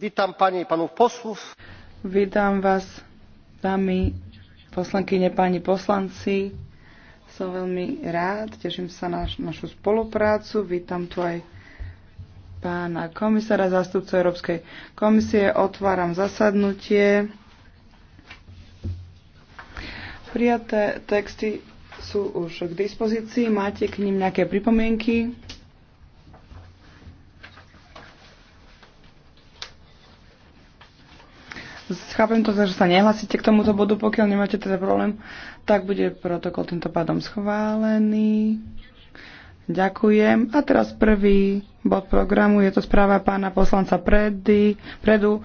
Vítam pani panów posłów. Vítam vás, dámy poslankyne, páni poslanci. Som veľmi rád, teším sa na našu spoluprácu. Vítam tu aj pána komisára, zástupcu Európskej komisie. Otváram zasadnutie. Prijaté texty sú už k dispozícii. Máte k ním nejaké pripomienky? Chápem to, že sa nehlasíte k tomuto bodu, pokiaľ nemáte teda problém, tak bude protokol týmto pádom schválený. Ďakujem. A teraz prvý bod programu je to správa pána poslanca Predy, Predu.